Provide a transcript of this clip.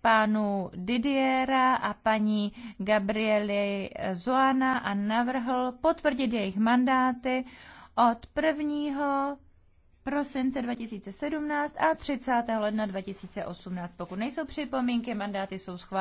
pánu Didiera a paní Gabrieli Zoana a navrhl potvrdit jejich mandáty od 1. prosince 2017 a 30. ledna 2018. Pokud nejsou připomínky, mandáty jsou schváleny.